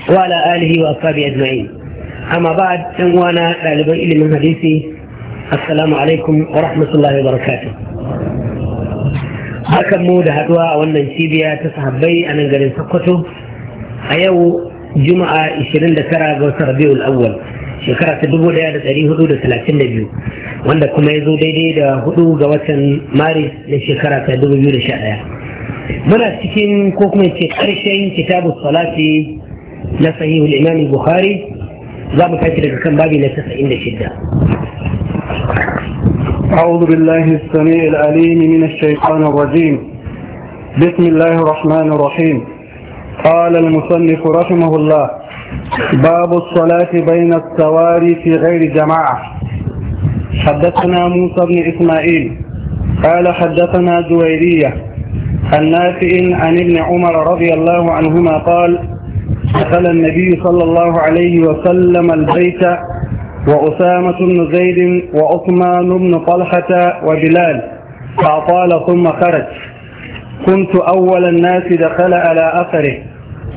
alihi وعلى آله وأصحابه amma أما بعد uwana طالبا ilimin hadisi. Assalamu alaikum wa rahmatullahi wa وبركاته hakan mu da haduwa a wannan cibiya ta sahabbai a nan garin Sokoto a yau Juma'a 29 ga watan Rabiul Awwal shekara ta 1432 wanda kuma ya zo daidai da hudu ga watan Maris na shekara ta 2011 muna cikin ko kuma ce karshen kitabu salati na الامام البخاري باب za الكم tashi daga kan أعوذ بالله السميع العليم من الشيطان الرجيم بسم الله الرحمن الرحيم قال المصنف رحمه الله باب الصلاة بين السواري في غير جماعة حدثنا موسى بن إسماعيل قال حدثنا زويرية النافع عن ابن عمر رضي الله عنهما قال دخل النبي صلى الله عليه وسلم البيت وأسامة بن زيد وعثمان بن طلحة وبلال فأطال ثم خرج كنت أول الناس دخل على أثره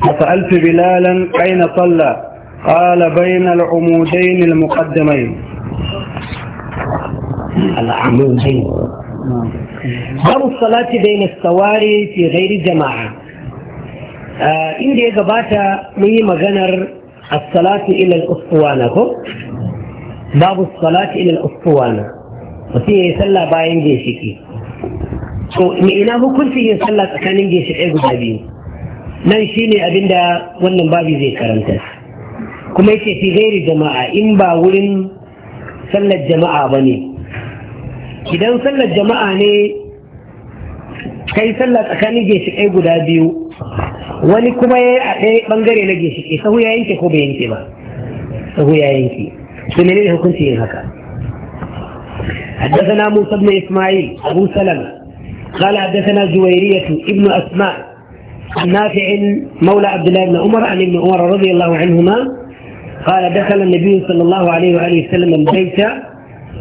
فسألت بلالا أين صلى قال بين العمودين المقدمين العمودين باب الصلاة بين السواري في غير جماعة inda ya gabata mun yi maganar as-salatu ila al-uswana ko babu as-salatu ila al-uswana mutum ya yi sallah bayan ginshiki to me ina hukunci yin sallah tsakanin ginshikai guda biyu nan shine abinda wannan babu zai karanta kuma yake fi gairi jama'a in ba wurin sallar jama'a ba ne idan sallar jama'a ne kai sallah tsakanin ginshiƙai guda biyu wani kuma ya yi a ɗaya ɓangare na ginshiƙi sahu ya yanke ko bai yanke ba sahu ya yanke su ne ne hukunci yin haka حدثنا موسى بن اسماعيل ابو سلمه قال حدثنا جويرية ابن اسماء نافع مولى عبد الله بن عمر عن ابن عمر رضي الله عنهما قال دخل النبي صلى الله عليه واله وسلم البيت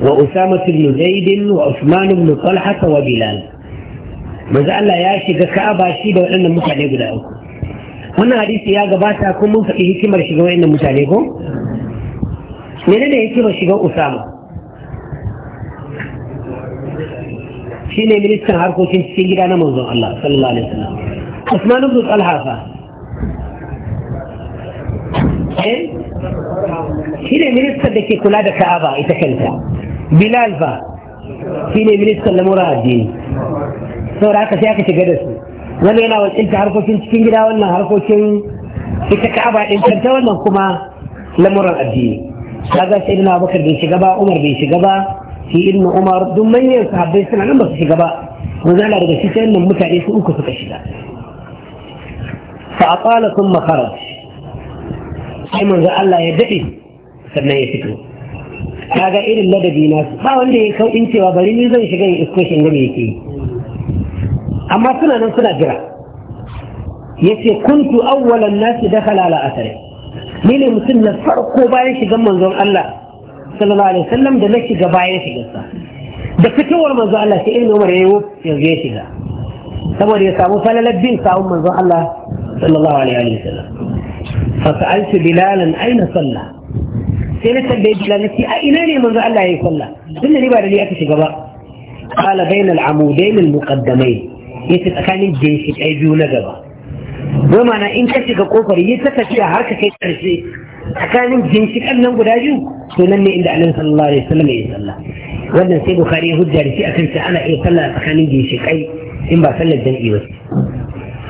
واسامه بن زيد وعثمان بن طلحه وبلال manzo Allah ya shiga Ka'aba shi da waɗannan mutane guda uku wannan hadisi ya gabata kun mun faɗi hikimar shiga waɗannan mutane ko menene ne hikimar shiga Usama shine ministan harkokin cikin gida na manzon Allah sallallahu alaihi wasallam Usman ibn Talha fa eh? shine ministan da ke kula da Ka'aba ita kanta Bilal fa shine ministan lamura addini saura aka sai aka shiga da su wani yana wakilta harkokin cikin gida wannan harkokin ita ka'aba din kanta wannan kuma lamuran addini kaga sai na bakar bai shiga ba umar bai shiga ba shi ibnu umar duk manyan sahabbai suna nan ba su shiga ba mun Allah daga shi sai nan mutane su uku suka shiga fa aqala thumma kharaj sai manzo Allah ya dade sannan ya fito kaga irin ladabi na ba wanda ya kau in cewa bari ni zan shiga in iskoshin ne me yake amma suna nan suna jira yace kuntu awwalan nasi dakhala ala athari ni ne mutum na farko bayan shigan manzon Allah sallallahu alaihi wasallam da na shiga bayan shigarsa da fitowar manzon Allah sai ibn Umar yayi yanzu ya shiga saboda ya samu falalar bin sawun manzon Allah sallallahu alaihi wasallam fa sa'altu bilalan aina salla sai na tambaye bilal nace a ina ne manzon Allah yayi sallah tunda ni ba da ni aka shiga ba قال بين العمودين المقدمين yace tsakanin ginshiƙai biyu na gaba wai mana in ka shiga kofar yi ta tafiya har ka kai ƙarshe tsakanin ginshiƙan nan guda biyu to nan ne inda alin sallallahu alaihi wasallam ya yi sallah wannan sai bukari ya hujja da shi akan shi ana iya sallah tsakanin ginshiƙai in ba sallar jam'i ba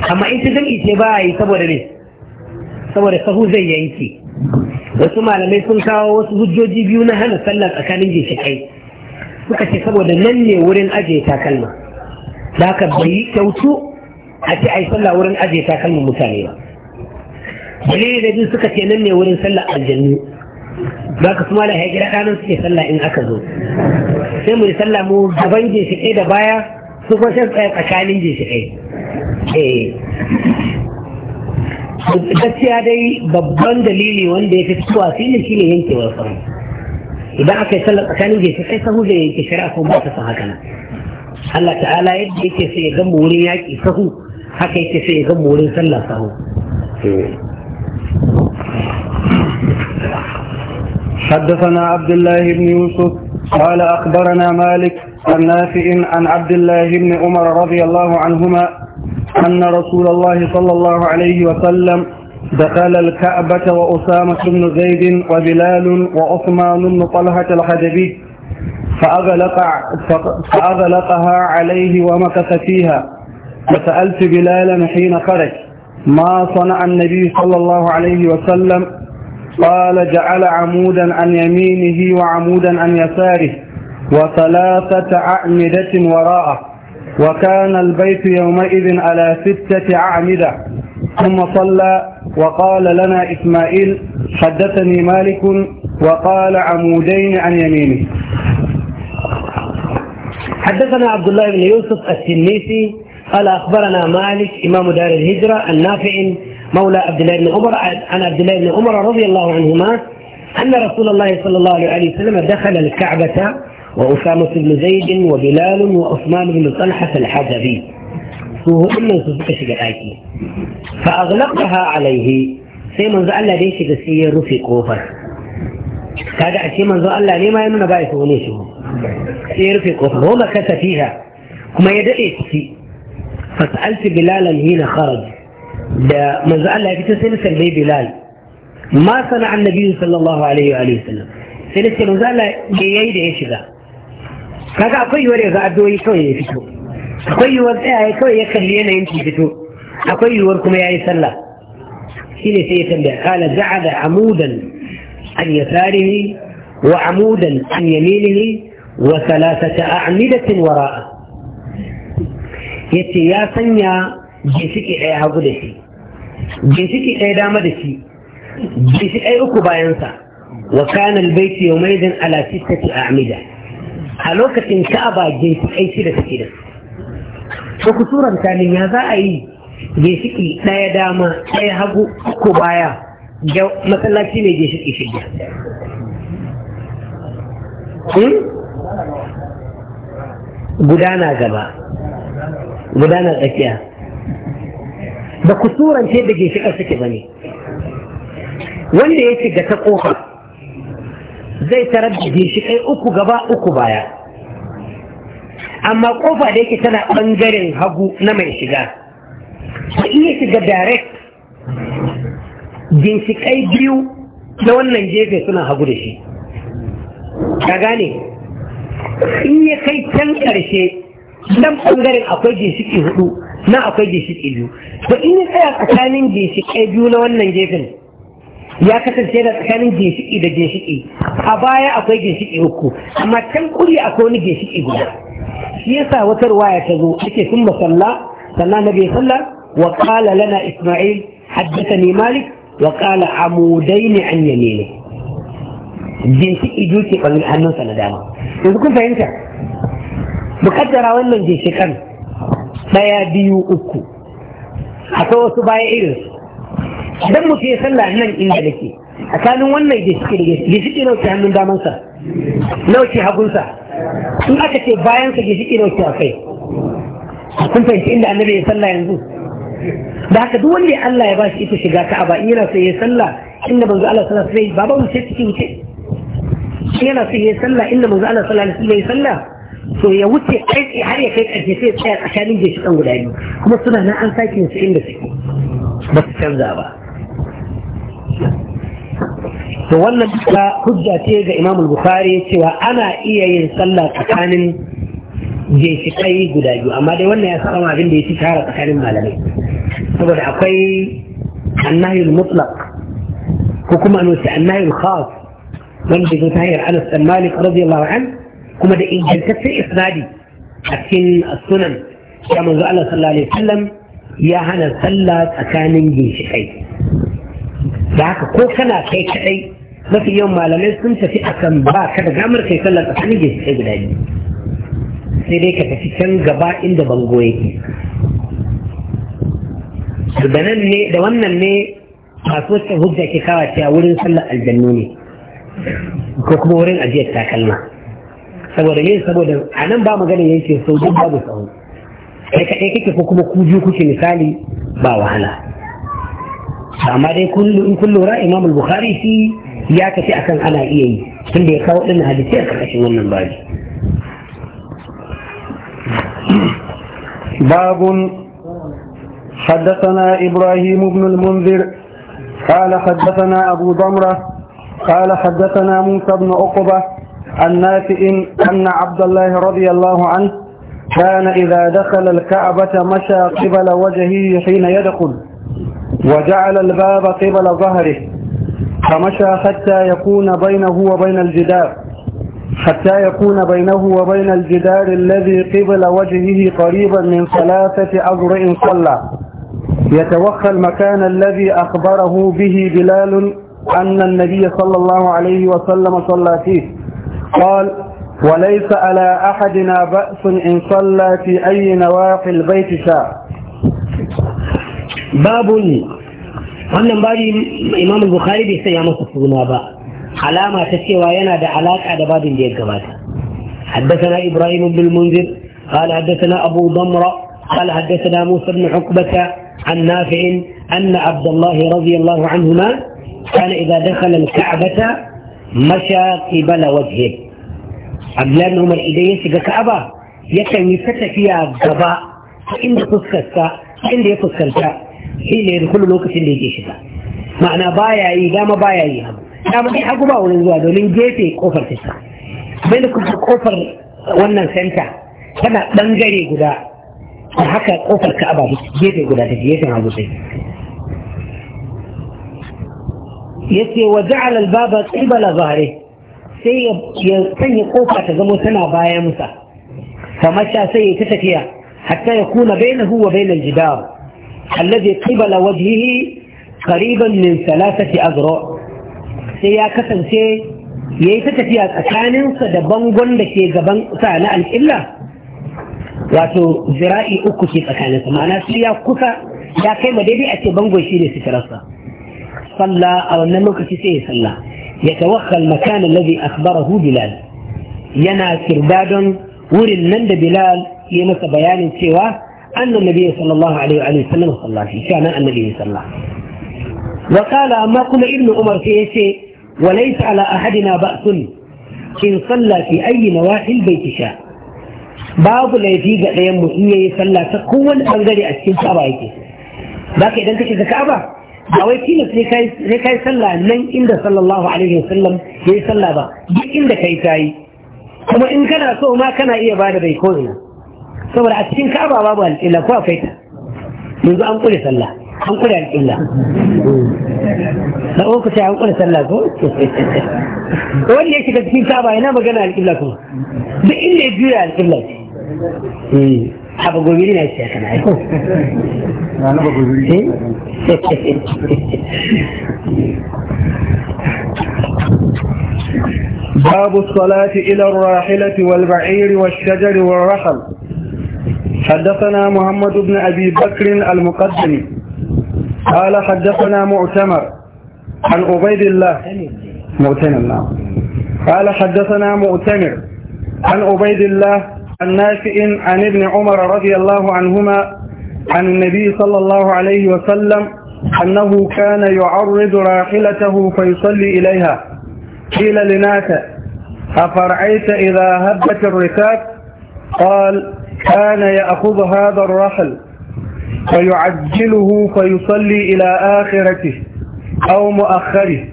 amma in ta jam'i ce ba a yi saboda ne saboda sahu zai yanke wasu malamai sun kawo wasu hujjoji biyu na hana sallah tsakanin ginshiƙai suka ce saboda nan ne wurin ajiye takalma da haka bai kyautu a ce yi sallah wurin ajiye takalmin mutane ba dalili da biyu suka ce nan ne wurin sallah aljannu za ka kuma da hajjira ɗanan suke sallah in aka zo sai mu yi sallah mu gaban ginshiƙe da baya su kuma shan tsaye tsakanin ginshiƙe eh. gaskiya dai babban dalili wanda ya fi fitowa shi ne shi ne yankewar sahu idan aka yi sallah tsakanin ginshiƙe sahu zai yanke shari'a ko ba ta sa haka nan Allah ta'ala yadda yake sai ya gama wurin yaƙi sahu haka yake sai ya gama wurin sallah sahu حدثنا عبد الله بن يوسف قال أخبرنا مالك عن نافع عن عبد الله بن عمر رضي الله عنهما أن رسول الله صلى الله عليه وسلم دخل الكعبة وأسامة بن زيد وبلال وعثمان بن طلحة الحجبي فأغلق فأغلقها عليه ومكث فيها فسألت بلالا حين خرج ما صنع النبي صلى الله عليه وسلم قال جعل عمودا عن يمينه وعمودا عن يساره وثلاثة أعمدة وراءه وكان البيت يومئذ على ستة أعمدة ثم صلى وقال لنا إسماعيل حدثني مالك وقال عمودين عن يمينه حدثنا عبد الله بن يوسف التنيسي قال أخبرنا مالك إمام دار الهجرة النافع مولى عبد الله بن عمر عن عبد الله بن عمر رضي الله عنهما أن رسول الله صلى الله عليه وسلم دخل الكعبة وأسامة بن زيد وبلال وعثمان بن طلحة الحجبي فأغلقها عليه sai manzo Allah da ya shiga sai ya rufe kofar kaga ashe manzo Allah ne ma ya nuna ba ya so ne shi sai ya rufe kofar wa kasa fiha kuma ya daɗe ciki fasalti bilalan hina kharaj da manzo Allah ya fito sai na sallai bilal ma sana annabi sallallahu alaihi wa alihi sallam sai na ce manzo Allah ya yayi da ya shiga kaga akwai yiwuwar ya addu'o'i kawai ya fito akwai yiwuwar tsayaye kawai ya kalli yanayin ki fito akwai yiwuwar kuma yi sallah shine sai ya tambaya kala ja'ala amudan an yasarihi wa amudan an yaminihi وثلاثة أعمدة وراءه yace ya sanya ginshiki ɗaya hagu da shi ginshiki ɗaya dama da shi ginshiki ɗaya uku bayansa wa kana albayti yawmaydin ala sittati a'mida a lokacin ka'aba ginshiki shida take da su ku suran talin za a yi ginshiki ɗaya dama ɗaya hagu uku baya masallaci ne ginshiki shida gudana gaba gudana tsakiya ba ku turance da ginshiƙa suke ba ne wanda ya shiga ta ƙofa zai tarar da ginshiƙai uku gaba uku baya amma ƙofa da yake tana ɓangaren hagu na mai shiga ta iya shiga direct ginshiƙai biyu na wannan gefe suna hagu da shi ka gane in ya kai can ƙarshe nan ɓangaren akwai ginshiƙi hudu na akwai ginshiƙi biyu to in ya tsaya tsakanin ginshikai biyu na wannan gefen ya kasance da tsakanin ginshiƙi da ginshiƙi, a baya akwai ginshiƙi uku amma can kuri akwai wani ginshiƙi guda shi yasa wata ruwaya ta zo ake sun masalla sannan na bai salla wa qala lana isma'il haddathani malik wa qala amudaini an yamini jeshi ido ke ɓangare hannunsa na dama yanzu kun fahimta kaddara wannan jeshi kan ɗaya biyu uku akwai wasu baya irin idan mutum ya sallah nan inda nake tsakanin wannan jeshi da jeshi ke nauke hannun damansa nauke hagunsa in aka ce bayansa jeshi ke nauke a kai kun fahimci inda annabi ya sallah yanzu da haka duk wanda Allah ya bashi ita shiga Ka'aba in yana sai ya sallah inda banzu Allah sallallahu alaihi wasallam ba ba wuce cikin wuce shi yana so yi sallah inda manzo Allah sallallahu alaihi wasallam yayi sallah to ya wuce kai har ya kai karshe sai tsaya tsakanin jeshi kan guda biyu kuma suna nan an sake su inda suke ba su canza ba to wannan ta hujja ce ga Imam Bukhari cewa ana iya yin sallah tsakanin jeshi kai guda biyu amma dai wannan ya saba abin da ya ci tara tsakanin malamai saboda akwai annahiyul mutlaq ko kuma an khas wanda zo ta hanyar Anas dan Malik radiyallahu an kuma da ingantaccen isnadi a cikin sunan ya manzo Allah sallallahu alaihi wasallam ya hana sallah tsakanin ginshiƙai, da haka ko kana kai kaɗai, mafi yawan malamai sun tafi akan ba ka da gamar kai sallah tsakanin ginshiƙai guda biyu sai dai ka tafi can gaba inda bango yake da nan ne da wannan ne masu wacce hujja ke kawo cewa wurin sallar aljannu ne ko kuma wurin ajiyar takalma saboda ne saboda a nan ba magana yake sau duk babu sauri kai kaɗai kake ko kuma kuju kuke misali ba wahala amma dai in kun ra imam bukhari shi ya kafi akan ana iya yi tun da ya kawo ɗin hadisi a ƙarƙashin wannan babi باب حدثنا إبراهيم بن المنذر قال حدثنا أبو ضمره قال حدثنا موسى بن عقبة عن نافع أن عبد الله رضي الله عنه كان إذا دخل الكعبة مشى قبل وجهه حين يدخل وجعل الباب قبل ظهره فمشى حتى يكون بينه وبين الجدار حتى يكون بينه وبين الجدار الذي قبل وجهه قريبا من ثلاثة أذرع صلى يتوخى المكان الذي أخبره به بلال أن النبي صلى الله عليه وسلم صلى فيه قال وليس على أحدنا بأس إن صلى في أي نواحي البيت شاء باب wannan babi إمام البخاري bai sanya masa علامة ba alama ta cewa yana da alaka da حدثنا ابراهيم بن المنذر قال حدثنا ابو ضمره قال حدثنا موسى بن عقبه عن نافع ان عبد الله رضي الله عنهما كان إذا دخل الكعبة مشى قبل وجهه Abdullahi Umar idan ya shiga Ka'aba yakan yi ta tafiya gaba ta inda fuskanta ta inda ya fuskanta shi ne kullu lokacin da yake shiga ma'ana baya yi dama baya yi hagu dama dai hagu ba wurin zuwa domin gefe kofar ta bai da kuma kofar wannan senta tana bangare guda a haka kofar Ka'aba gefe guda ta gefen hagu sai yace wa ja'ala al-baba qibala zahri sai ya sanya kofa ta zamo tana bayan sa famasha sai ya tafiya hatta ya kuna bainahu wa bainal jidar alladhi qibala wajhihi qariban min thalathati azra sai ya kasance yayi ta tafiya tsakaninsa da bangon da ke gaban sa na alƙilla wato zira'i uku ke sa ma'ana sai ya kusa ya kai ma daidai a ce bangon shi ne sitirarsa صلى أو أن الملك سيه صلى يتوخى المكان الذي أخبره بلال ينا سرداد ورن نند بلال يمس بيان سوى أن النبي صلى الله عليه وآله وسلم صلى فيه كان النبي صلى وقال أما كل ابن عمر في شيء وليس على أحدنا بأس إن صلى في أي نواحي البيت شاء babu laifi ga ɗayan mu in yayi sallah ta kowane bangare a cikin Ka'aba yake ba ka idan ka shiga Ka'aba a wai tilas ne kai sallah nan inda sallallahu alaihi wasallam yi sallah ba duk inda kai yi kuma in kana so ma kana iya bada bai ko ina saboda a cikin kaba babu alƙilla ko akwai ta yanzu an kure sallah an kure alƙilla da uku sai an kure sallah ko wanda ya shiga cikin kaba yana magana alƙilla kuma duk inda ya juya alƙilla ce eh. حبا قولي لنا الشيخ معي أنا بقول إيه؟ باب الصلاة إلى الراحلة والبعير والشجر والرحل حدثنا محمد بن أبي بكر المقدم قال حدثنا مؤتمر عن عبيد الله مؤتمر نعم قال حدثنا مؤتمر عن عبيد الله عن نافع عن ابن عمر رضي الله عنهما عن النبي صلى الله عليه وسلم أنه كان يعرض راحلته فيصلي إليها قيل لنافع أفرعيت إذا هبت الركاب قال كان يأخذ هذا الرحل فيعجله فيصلي إلى آخرته أو مؤخره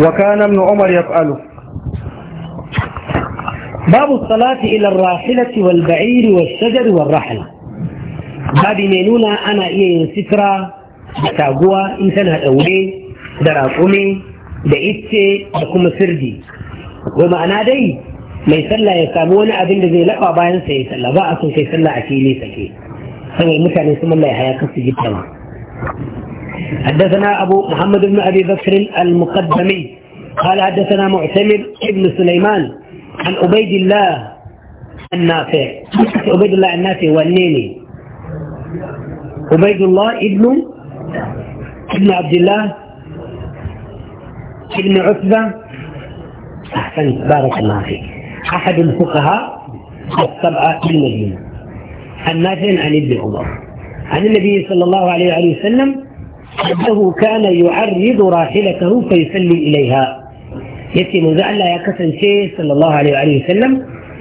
وكان ابن عمر يفعله باب الصلاة إلى الراحلة والبعير والشجر والرحلة باب مينونا أنا إيه سترة بتاقوى إنسان هدولي دراقومي دئتي بكم سردي ومعنى دي mai sallah ya samu wani abin da zai laba bayan sa ya sallah ba a son kai sallah a حدثنا أبو محمد بن أبي بكر المقدمي قال حدثنا معتمر ابن سليمان عن عبيد الله النافع عبيد الله النافع هو النيني عبيد الله ابن ابن عبد الله ابن عتبة أحسنت بارك الله فيك أحد الفقهاء السبعة في المدينة النافع عن ابن عمر عن النبي صلى الله عليه وسلم أنه كان يعرض راحلته فيصلي إليها yace manzo Allah ya kasance sallallahu alaihi wa sallam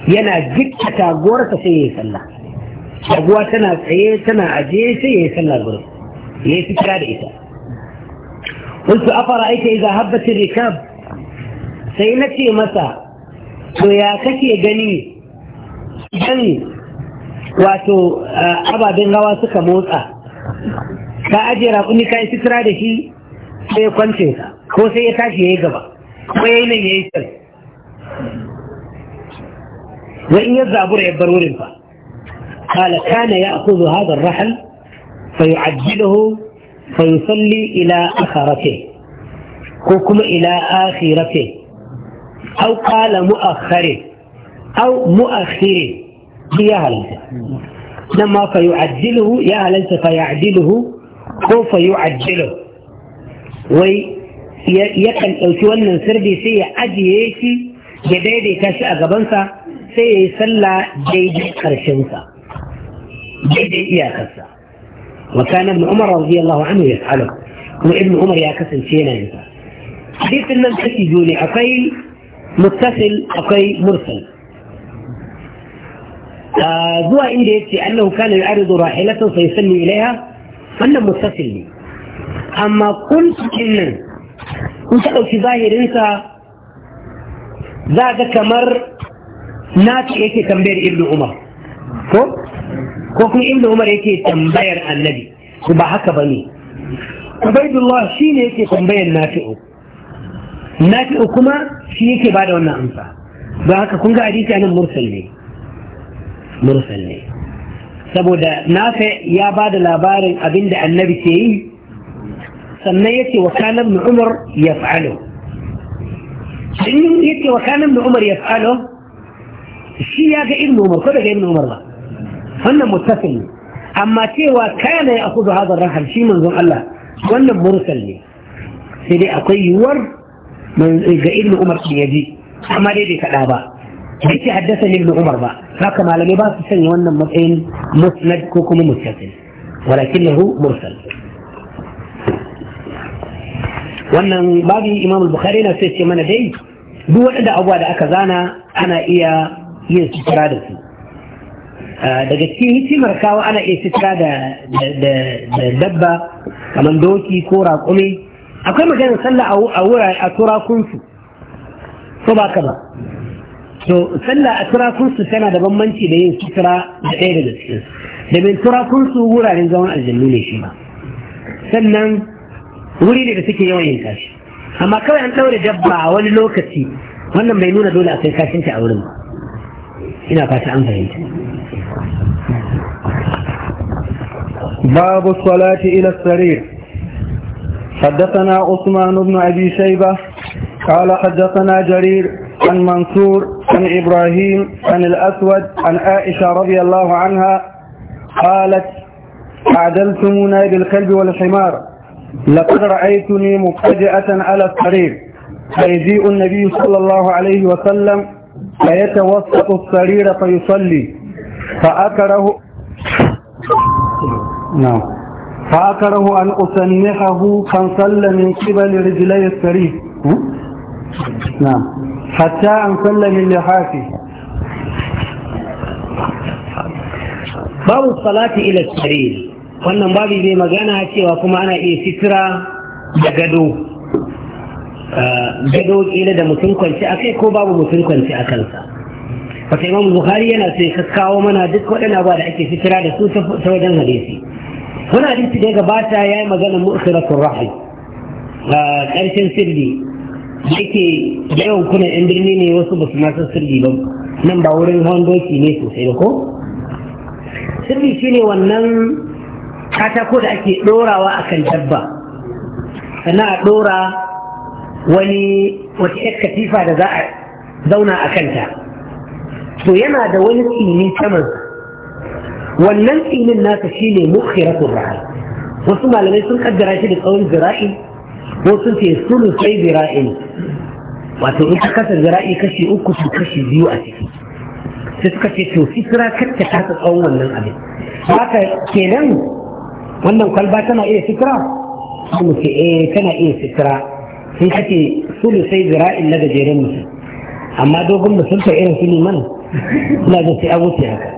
yana jikka ta sai yayi sallah taguwa tana tsaye tana aje sai yayi sallah gurin yayi fikira da ita قلت أفرأيت sai na ce masa to ya kake gani idan wato eh, ababen hawa suka motsa ka ajiye raƙuni ka yi da shi sai ya kwance ka ko sai ya tashi ya gaba kuma ya yi nan قال كان يأخذ هذا الرحل فيعجله فيصلي إلى آخرته حكم إلى آخرته أو قال مؤخره أو مؤخره يا هلسة لما فيعجله يا هلسة فيعجله أو فيعجله وي yakan dauki wannan sirri sai ya ajiye shi ya daidaita shi a gabansa sai ya yi sallah daidai karshensa وكان ابن عمر رضي الله عنه يفعله وابن عمر يا كسن شينا حديث من تسجوني أقي متصل أقي مرسل ذو آه عندي أنه كان يعرض راحلته فيصلي إليها فأنا متصل أما قلت إنه in ka ɗauki zahirinsa za ga kamar naci yake tambayar ibnu umar ko ko kuma ibnu umar yake tambayar annabi ko ba haka ba ne ubaidullah shi ne yake tambayar nafi'u nafi'u kuma shi yake ba da wannan amsa don haka kun ga hadisi anan mursal ne mursal ne saboda nafi ya ba da labarin abinda annabi ke yi سميت وكان ابن عمر يفعله سميت وكان ابن عمر يفعله الشياق ابن عمر كذا ابن عمر الله هن اما تيوا كان ياخذ هذا الرحل شي من الله وانا مرسل لي سيدي اطيور من ابن عمر في يدي اما ليه دي كذا حدثني ابن عمر با هكا ما لم يباس سن وانا مسند كوكو ولكنه مرسل wannan babi imam bukhari na sai ce mana dai duk waɗanda abuwa da aka zana ana iya yin sutura da su ah, daga cikin hikimar kawo ana iya sutura da dabba kamar doki ko raƙumi akwai maganin sallah a wurare a turakunsu ko ba ka ba to sallah a turakunsu tana da bambanci da yin sutura da ɗaya daga cikin da bin turakunsu wuraren zaman aljannu ne shi ba sannan wuri ne da suke yawan yin kashi amma kawai an daure dabba a wani lokaci wannan bai nuna dole a kai ta a wurin ina fata an fahimta باب الصلاة إلى السرير حدثنا عثمان بن أبي شيبة قال حدثنا جرير عن منصور عن إبراهيم عن الأسود عن عائشة رضي الله عنها قالت أعدلتمونا بالكلب والحمار لقد رأيتني مفاجأة على الطريق فيجيء النبي صلى الله عليه وسلم فيتوسط السرير فيصلي فأكره نعم فأكره أن أسنحه فانصل من قبل رجلي السرير نعم حتى أنصل من لحافي باب الصلاة إلى السرير wannan babu zai magana cewa kuma ana iya sitira da gado eh, gado kila da mutum kwanci a ko babu mutum kwanci a kansa wata imam bukhari yana sai kakawo mana duk waɗanda ba da ake sitira da su ta wajen hadisi wani hadisi da ya gabata ya yi magana mu'siratul rahim eh, ƙarshen sirri yake da yawan kuna yan birni ne wasu ba su masu sirri ba nan ba wurin hawan doki ne sosai da ko sirri shine wannan katako da ake ɗorawa a kan dabba sannan a ɗora wani wata yar katifa da za a zauna a kanta to yana da wani tsini saman wannan tsinin nasa shi shine mukhiratun ra'ayi. wasu malamai sun kaddara shi da tsawon zira'i ko sun ce sai zira'in wato in ka kasa zira'i kashi uku su kashi biyu a ciki sai suka ce to fitira kacce ta tsawon wannan abin haka kenan wannan kwalba tana iya sitira mu ce eh tana iya sitira sun kace sulu sai zira'in na gajeren mutum amma dogon mutum ta irin su liman suna da sai an wuce haka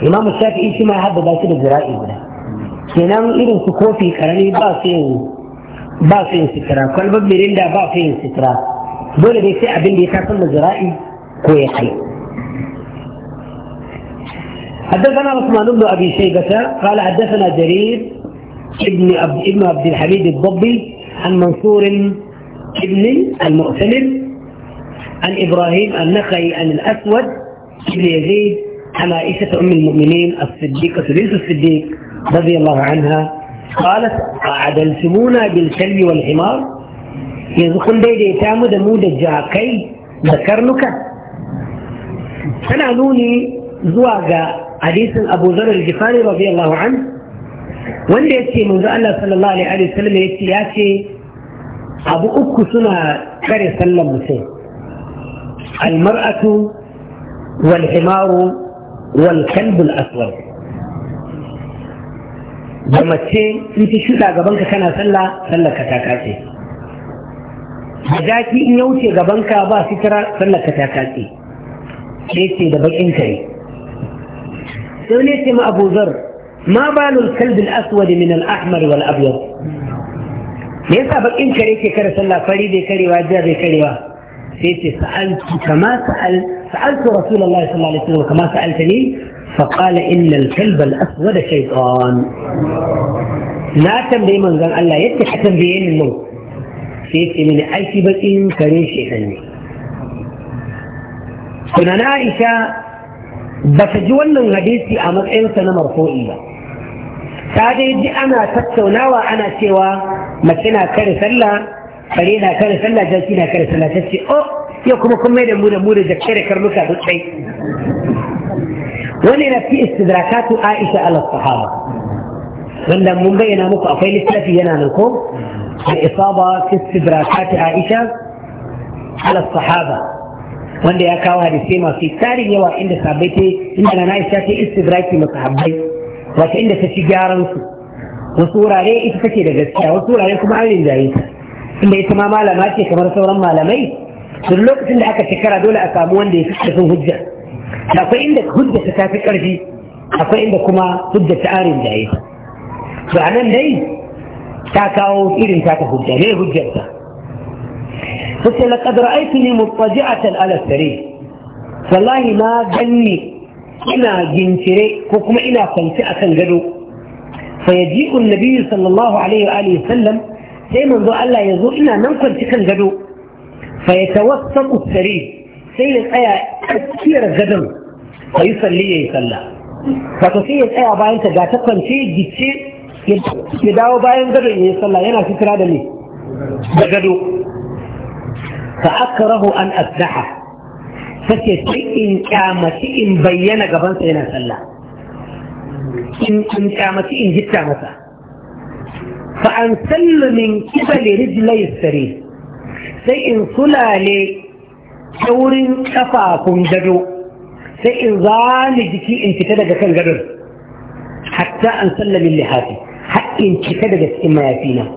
imam shafi'i shi ma haddada shi da zira'i guda kenan irin su kofi karami ba su yin ba su yin sitira kwalbar mirinda ba su yin sitira dole dai sai abin da ya tasan da zira'i ko ya kai حدثنا عثمان بن أبي شيبة قال حدثنا جرير ابن عبد, ابن عبد الحميد الضبي عن منصور ابن المؤتمر عن إبراهيم النخعي عن الأسود ابن يزيد عن عائشة أم المؤمنين الصديقة بنت الصديق رضي الله عنها قالت أعدلتمونا بالكلب والحمار يزخون ديدي تامو دمود الجاكي ذكرنك فنعلوني nuni hadisin Abu Zar al-Ghifari radiyallahu an wanda ya ce manzo Allah sallallahu alaihi wa sallam ya ce abu uku suna kare sallan mutum Almar'atu Walhimaru wal himaru wal kalbu aswad da mace in ta gaban gabanka kana sallah sallar ka ta kace da in ya wuce gabanka ba sitira sallar ka ta kace sai ce da bakin kai يقول لي اسم أبو ذر ما بال الكلب الأسود من الأحمر والأبيض ليس أبقى إن كريكي كرس الله فريدي كريوا جاري كريوا سيتي سألت كما سأل سألت رسول الله صلى الله عليه وسلم كما سألتني فقال إن الكلب الأسود شيطان لا تمدي من ذن الله يتي حسن بيين منه سيتي من أيتي بقى إن كريشي عني كنا عائشة baka ji wannan hadisi a matsayinsa na marfo'i ba ta dai ji ana tattaunawa ana cewa mace na kare sallah kare na kare sallah jaki na kare sallah ta ce oh yau kuma kun mai da mu da mu da jakke da karnuka duk ɗai wani na fi istidrakatu aisha ala sahaba wanda mun bayyana muku akwai littafi yana nan ko al isaba fi istidrakati aisha ala sahaba wanda ya kawo hadisai masu tarin yawa inda sabai ta inda na Aisha ta istidraki masu habbai wata inda ta ci gyaran su wasu wurare ita take da gaskiya wasu wurare kuma an rinjaye ta inda ita ma malama ce kamar sauran malamai duk lokacin da aka shekara dole a samu wanda ya fi karfin hujja akwai inda hujja ta fi ƙarfi, akwai inda kuma hujja ta an rinjaye ta to a nan dai ta kawo irin ta ta hujja ne hujjarta قلت لقد رأيتني مضطجعة على السرير فالله ما جني إنا جنشري كوكما إنا فانسئة قدو فيجيء النبي صلى الله عليه وآله وسلم سي من ذو الله يزو إنا ننفر تكا قدو فيتوسط السرير سي للآية كثير قدو فيصلي يصلى فتصيح الآية باين تجاتقا شيء جتشي يداو باين قدو يصلى ينا فكرة لي. قدو فأكره أن إن فكتئن كامتئن بيّن قبل سينا سلا إن كامتئن جدا مسا فأن سل من قبل رجل يسترين سيئن صلى لي شور كفاكم جدو سيئن ظالج إن انتدى كان جدو حتى أن سل من حق إن انتدى جسد ما يفينا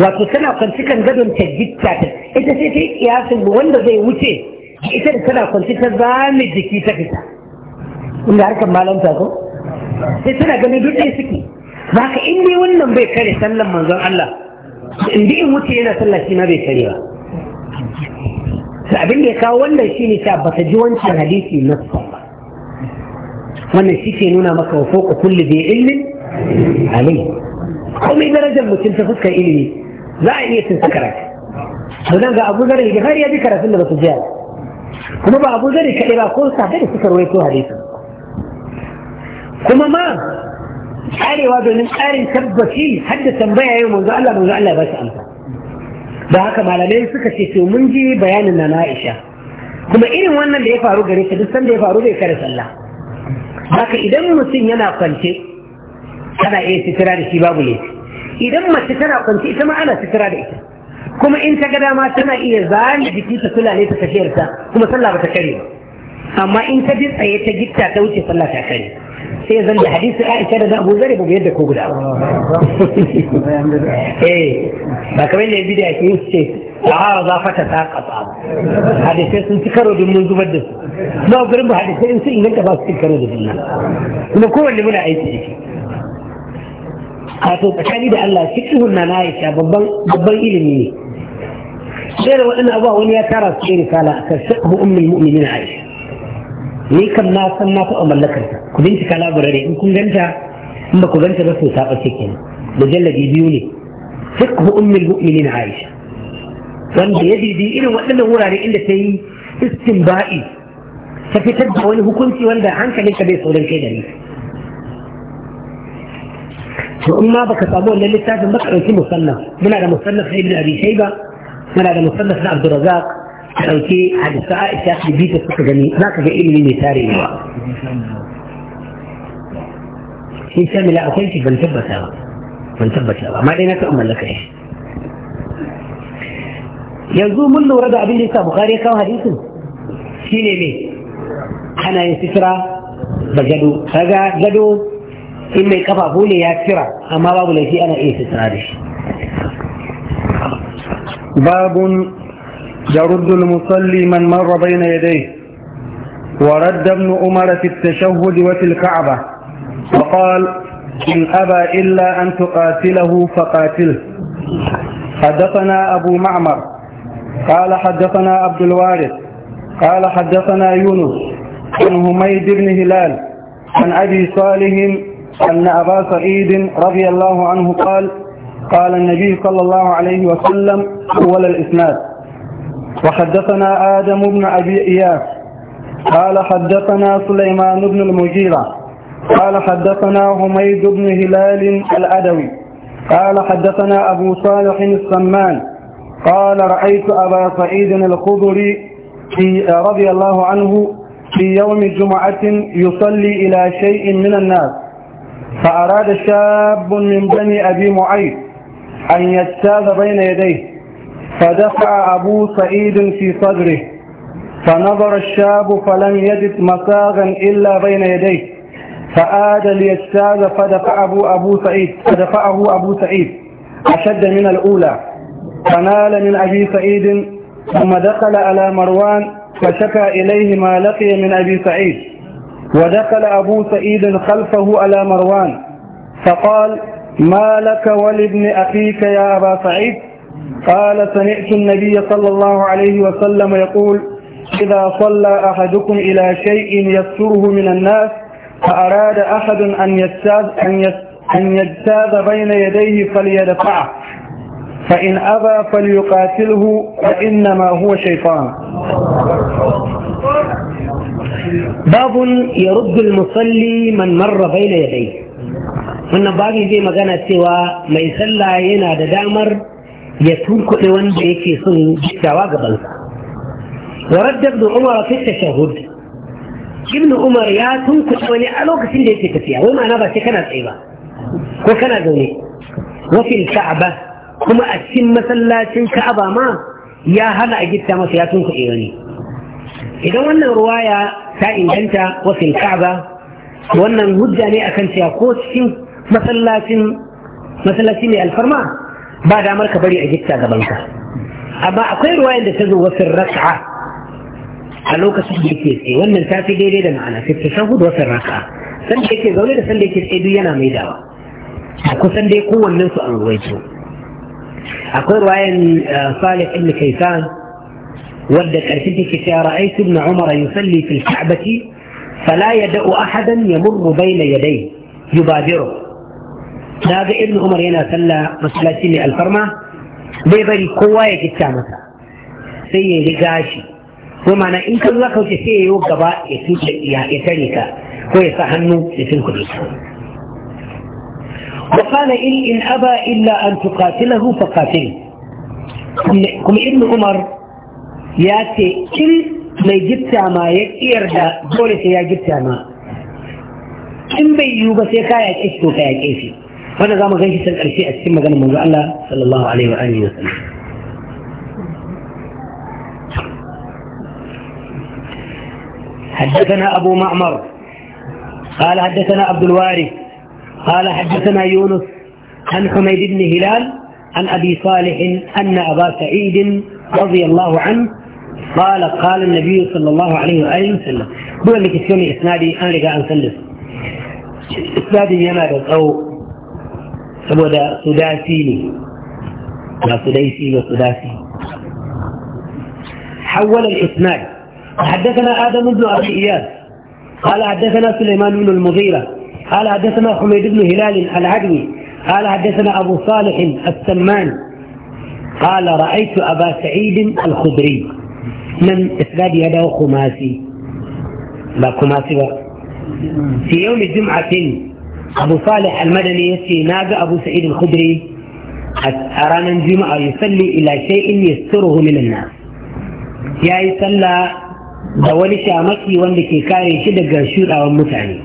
وتسنى قد فكا جدو تجدتا تجدتا ita ce ta yi kiyasin wanda zai wuce ita da tana kwanci ta zame jiki ta fita inda harkar malam ta ko sai tana ganin duk ɗaya suke ba ka in dai wannan bai kare sallan manzon Allah in bi in wuce yana sallah shi ma bai kare ba abin da ya kawo wannan shi ne ta baka ji wancan hadisi na ba wannan shi ke nuna maka wa fauka kulli bi ilmin alai komai darajar mutum ta fuskar ilimi za a iya tun karatu. nan ga abu zari da har ya bi karatun da ba su jiya kuma ba abu zari kaɗai ba ko safe da suka rawaito hadisi kuma ma tsarewa domin tsarin tabbaci har da tambaya yau manzo Allah manzo Allah ba shi amsa da haka malamai suka ce to mun ji bayanin na Aisha kuma irin wannan da ya faru gare ta duk sanda ya faru bai kare sallah haka idan mutum yana kwance tana iya sitira da shi babu laifi idan mace tana kwance ita ma ana sitira da ita kuma in ta ga dama tana iya zane jiki ta sulale ta tafiyarta kuma sallah ba ta kare ba amma in ta ji tsaye ta gitta ta wuce sallah ta kare sai zan da hadisi Aisha da Abu zare ba yadda ko guda ba eh ba kamar da yake ke ce sahara za fata ta kasa hadisai sun ci karo din mun zubar da su na gurin ba hadisai in sun inganta ba su ci karo da dinnan kuma kowanne muna aiki jiki? wato tsakani da Allah fiqhun na Aisha babban ilimi ne sai da waɗannan abuwa wani ya tara su cikin risala ka sabu ummul mu'minin Aisha ni kan na san na taɓa mallakar ta ku bincika labarare in kun ganta in ba ku ganta ba sai saba ce kenan da jallabi biyu ne fiqhu ummul mu'minin Aisha wanda ya bibi irin waɗannan wurare inda ta yi istinba'i ta fitar da wani hukunci wanda hankalinka bai sauran kai da ni فكما بكت أبوه اللي لسه ما كان يسمى مصنف من هذا مصنف سيد أبي شيبة من هذا مصنف عبد الرزاق كان في حديث عائشة في بيت السكة جميع ذاك جئي من المثاري هو في سامي لا أخيك فانتبت هذا فانتبت هذا ما لنا تؤمن لك إيه yanzu mun lura da abin da yasa bukari ya kawo hadisin shine ne ana in mai فولي ne ya cira amma babu laifi ana iya fitara da يرد المصلي من مر بين يديه ورد ابن عمر في التشهد وفي الكعبة وقال إن أبى إلا أن تقاتله فقاتله حدثنا أبو معمر قال حدثنا عبد الوارث قال حدثنا يونس عن هميد بن هلال عن أبي صالح أن أبا سعيد رضي الله عنه قال قال النبي صلى الله عليه وسلم أول الإسناد وحدثنا آدم بن أبي إياس قال حدثنا سليمان بن المجيرة قال حدثنا حميد بن هلال الأدوي قال حدثنا أبو صالح السمان قال رأيت أبا سعيد الخضري في رضي الله عنه في يوم الجمعة يصلي إلى شيء من الناس فأراد شاب من بني أبي معيط أن يجتاز بين يديه فدفع أبو سعيد في صدره فنظر الشاب فلم يجد مساغا إلا بين يديه فآد ليجتاز فدفع أبو أبو سعيد فدفعه أبو سعيد أشد من الأولى فنال من أبي سعيد ثم دخل على مروان فشكى إليه ما لقي من أبي سعيد ودخل أبو سعيد خلفه على مروان فقال ما لك ولابن أخيك يا أبا سعيد قال سمعت النبي صلى الله عليه وسلم يقول إذا صلى أحدكم إلى شيء يستره من الناس فأراد أحد أن يجتاز, أن أن يجتاز بين يديه فليدفعه فإن أبى فليقاتله فإنما هو شيطان باب يرد المصلي من مر بين يديه من باقي زي ما كان سوى ما يصلى ينا دامر يترك لون بيكي سن جواق بلسا ورد ابن عمر في التشهد ابن عمر يا تنك لوني ألوك سن جيسي تسيا وما نبا سيكنا سعيبا وكنا زوني وفي الكعبة هم أسم مثلا سن ما يا هلا أجبت ما سياتون كعيوني idan wannan ruwaya ta inganta wasil ka'aba wannan hujja ne akan cewa ko cikin masallacin masallaci mai alfarma ba damar ka bari a gitta gaban ka amma akwai ruwayar da ta zo wasin rak'a a lokacin da yake tsaye wannan ta fi daidai da ma'ana sai ta shahudu wasil rak'a san da yake zaune da san da yake tsaye duk yana dawa a kusan dai kowannen su an ruwaito akwai ruwayan eh, salih ibn kaisan ودت أرتدك رأيت ابن عمر يصلي في الكعبة فلا يدأ أحدا يمر بين يديه يبادره هذا ابن عمر ينا صلى مسلسل الفرمة بيبري قوية كتامة سيئ لقاشي وما أنا إنك الله كنت سيئ يوقف يتنك ويسحنه لسنك وقال إن, إن أبى إلا أن تقاتله فقاتله كم ابن عمر ya ce in mai gitta ma ya ƙiyar da dole sai ya gitta ma in bai yiwu ba sai ka yaƙe shi to ka yaƙe shi wanda za mu gan shi can ƙarshe a cikin maganar manzo Allah sallallahu alaihi wa alihi wa sallam حدثنا أبو معمر قال حدثنا عبد الوارث قال حدثنا يونس عن حميد بن هلال عن أبي صالح أن أبا سعيد رضي الله عنه قال قال النبي صلى الله عليه وآله وسلم هو اللي ke إسنادي أنا اللي قاعد اسلف اسنادي يا su او yana سداسي tsawo saboda sudasi حول الإسناد حدثنا آدم بن أبي إياس قال حدثنا سليمان بن المغيرة قال حدثنا حميد بن هلال العدوي قال حدثنا أبو صالح السمان قال رأيت أبا سعيد الخدري من إسناد يده خماسي لا خماسي بقى في يوم الجمعة أبو صالح المدني يسي ناقة أبو سعيد الخدري أرانا الجمعة يصلي إلى شيء يستره من الناس يا يصلى دولي شامكي shamaki كاري شدق kare ومتعني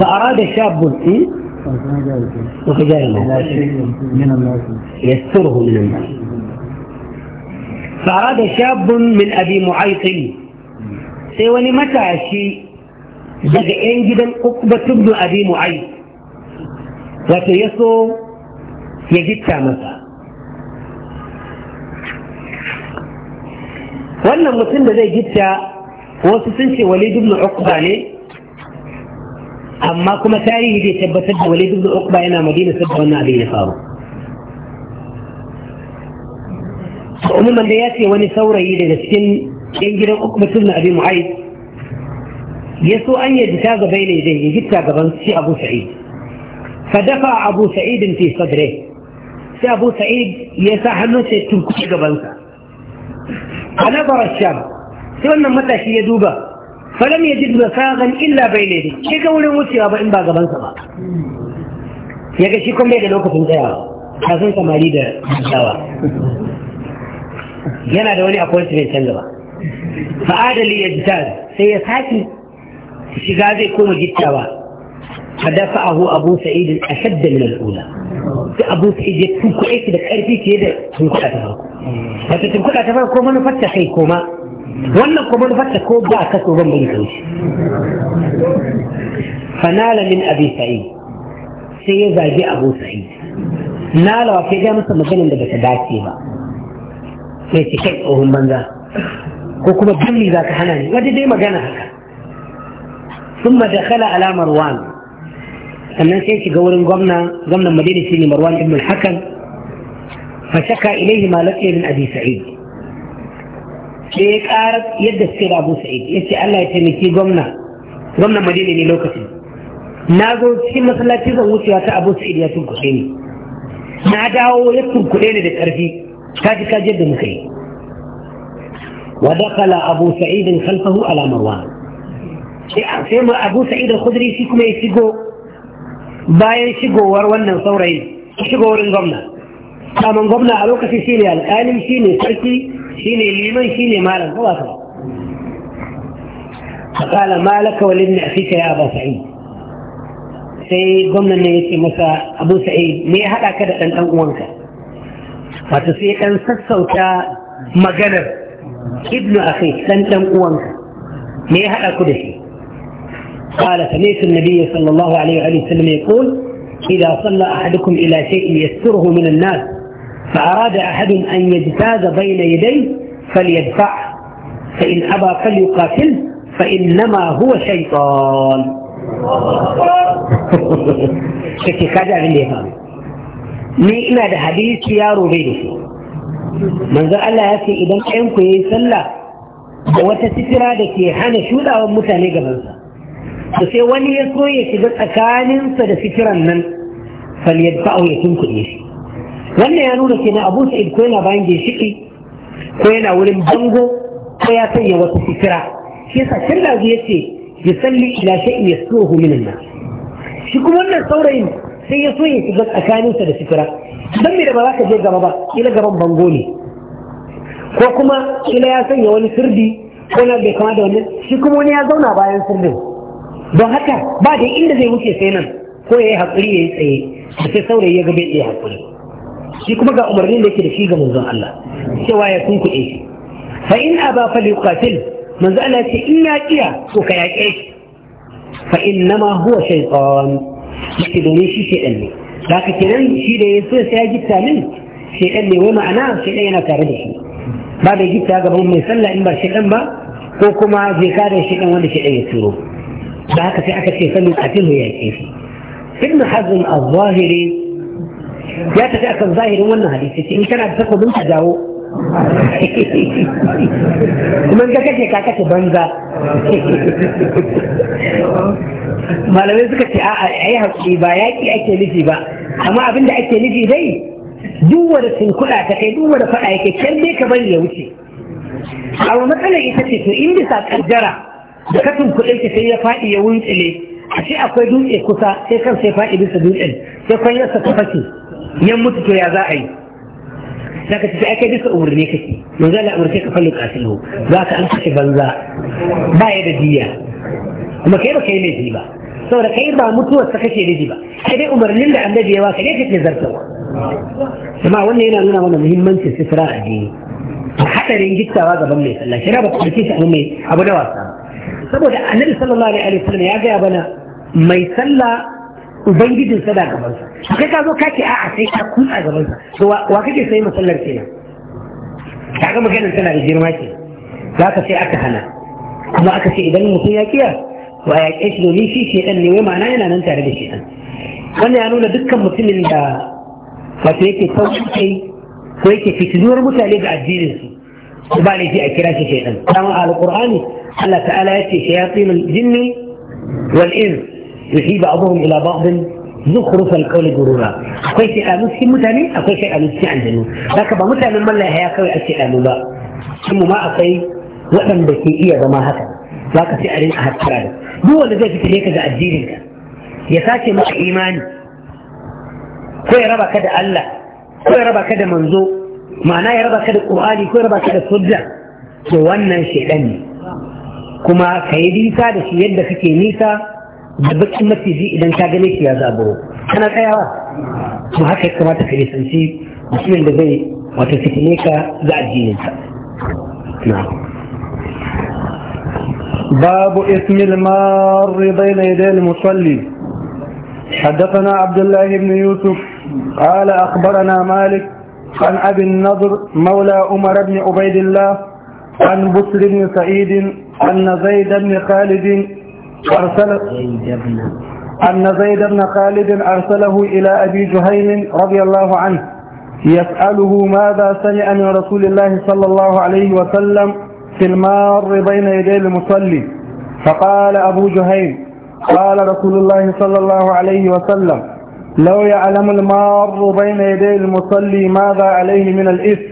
فأراد شاب mutane وكجائمه من الناس يستره من الناس فأراد شاب من أبي معيطي سيواني متى شيء بدأين جدا أقبة ابن أبي معيط وتيسو يجد كامسا wannan mutum da zai gitta wasu sun ce walid ibn uqba ne amma kuma tarihi bai tabbatar da walid ibn uqba yana madina sabda wannan abin ya faru umuman da ya ce wani saurayi daga cikin yan gidan uqba ibn abi mu'ayyid ya so an yadda ta gaba ne dai ya gitta gaban shi abu sa'id fa dafa abu sa'id fi sadre sai abu sa'id ya sa hannun sai tunkuce gabansa a nazarar sham sai wannan matashi ya duba falam yajid masagan illa bai ne shi ga wurin wucewa ba in ba gabansa ba ya ga shi kun bai da lokacin tsayawa kasan samari da dawa yana da wani appointment can gaba fa'adali ya jita sai ya saki shiga zai koma gittawa فدفعه أبو سعيد أشد من الأولى da سعيد يتنكو إيش دك أرفي كيدا تنكو أتفاكو ta farko manufar ta kai koma. wannan kuma manufarta ko ba ka so ban bari kauce fanala min abi sa'id sai ya zagi abu Nala nalawa sai ga masa maganin da bata dace ba sai ce kai tsohon banza ko kuma gami za ka hana ni wadda dai magana haka sun ma dakala ala marwan sannan sai shiga wurin gwamna gwamnan madina shi ne marwan ibn hakan fa shaka ilaihi ma lafiya min abi sa'id da ya ƙara yadda suke da abu sa'id ya ce allah ya taimaki gwamna gwamna madina ne lokacin na zo cikin masallaci zan wucewa ta abu sa'id ya tunkuɗe ni na dawo ya tunkuɗe ni da ƙarfi ka ji ka da muka yi wa dakala abu sa'idin khalfahu ala marwan sai ma abu sa'id al-khudri shi kuma ya shigo bayan shigowar wannan saurayi shigowar gwamna kaman gwamna a lokacin shi ne alƙalin shi ne sarki شيلي اليمين مالك هو خلاص فقال ما لك ولابن يا ابا سعيد سي قمنا نيتي موسى ابو سعيد مي هذا كذا ان اوانك فتسي ان سكسوك مجرر ابن اخيك سن ان اوانك مي هذا كذا قال سمعت النبي صلى الله عليه وسلم يقول اذا صلى احدكم الى شيء يستره من الناس فأراد أحد أن يجتاز بين يديه فليدفع فإن أبى فليقاتل فإنما هو شيطان شكي كذا بالله ني إنا ده حديث يا روبيني من ذا الله يأتي إذا كنت يسلى وتسترى لكي حان شودا ومتاني قبل فسي ولي يسوي يكي أكان فليدفعه يتنكو إيشي wannan ya nuna kenan abu sa'id ko yana bayan ginshiki ko yana wurin bango ko ya sanya wata fitira shi yasa kin da ya ce ya salli ila shay'in yasuhu minan nas shi kuma wannan saurayin sai ya so ya shiga tsakaninsa da fitira dan me da ba za ka je gaba ba ila gaban bango ne ko kuma ila ya sanya wani sirdi ko na bai kama da wani shi kuma wani ya zauna bayan sirdin don haka ba da inda zai wuce sai nan ko ya yi haƙuri ya yi tsaye da sai saurayi ya ga bai iya haƙuri shi kuma ga umarnin da yake da shi ga manzon Allah cewa ya tunkuɗe shi fa in aba fal yuqatil manzo Allah ce in ya kiya to ka yaƙe shi fa innama huwa shaytan shi da ne shi shaytan ne da ka kenan shi da ya so sai ya gitta min shaytan ne wai ma'ana shaytan yana tare da shi ba da gitta gaban mai sallah in ba shaytan ba ko kuma zai kare shaytan wanda shaytan ya turo da haka sai aka ce fa qatil ya yaƙe shi ibn hazm al-zahiri ya tafi akan zahirin wannan hadisi in kana da takobin ka dawo kuma ga kake ka kace banza malamai suka ce a'a ai hakuri ba yaƙi ake nufi ba amma abinda ake nufi dai duk wanda sun kuɗa ta kai duk wanda faɗa yake kyan dai ka bari ya wuce abu matsalar ita ce to in bisa kaddara da katin kuɗin ka sai ya faɗi ya wuntsile a ce akwai dutse kusa sai kan sai faɗi bisa dutsen sai kwanyarsa ta fashe yan mutu to ya za a yi za ka tafi ake duka umarni kake manzo Allah umarce ka fallu kasilu za ka an kashe banza ba ya da diya kuma kai ba kai laifi ba saboda kai ba mutuwar ta kake laifi ba sai dai umarnin da annabi ya baka ne kake zartawa kuma wannan yana nuna mana muhimmancin sifira a jini a hadarin gittawa gaban mai sallah shira ba ku shi abu mai abu da wasa saboda annabi sallallahu alaihi wasallam ya gaya bana mai sallah ubangijin sa da gabansa kai ka zo kake a a sai ka kutsa gabansa to wa kake sai masallar ka ga maganar tana da girma ce za ka sai aka hana kuma aka ce idan mutum ya kiya to a kiya shi domin shi shedan ne wai ma'ana yana nan tare da shi shedan wannan ya nuna dukkan mutumin da wato yake sauƙin kai ko yake fitinuwar mutane ga addininsu ko ba laifi a kira shi ke shedan kama alƙur'ani Allah ta'ala ya ce shayatinul jinni wal ins يحيي بعضهم الى بعض زخرف القول غرورا اكوي شيء انو شي متاني اكوي شيء انو شي عندنا ذاك ما متاني من الله هيا انو لا ثم ما اكوي وطن بكي ايا بما هكا ذاك شيء ارين احد كرادا دو ولا زي فتر يكذا الدين انت يساكي مع ايمان كوي ربا كده الله كوي ربا كده منزو معناه يا ربا كده القرآن كوي ربا كده صدع سوانا شيئا كما كيدي سادش يدفك نيسا da bakin maciji idan ka gane shi ya zaburo kana tsayawa to haka ya kamata ka nisanci mutumin da zai wata fitine ka za addininka باب اسم المار بين يدي المصلي حدثنا عبد الله بن يوسف قال أخبرنا مالك عن أبي النضر مولى عمر بن عبيد الله عن بسر بن سعيد أن زيد بن خالد أرسل أن زيد بن خالد أرسله إلى أبي جهيم رضي الله عنه يسأله ماذا سمع من رسول الله صلى الله عليه وسلم في المار بين يدي المصلي فقال أبو جهيم قال رسول الله صلى الله عليه وسلم لو يعلم المار بين يدي المصلي ماذا عليه من الإثم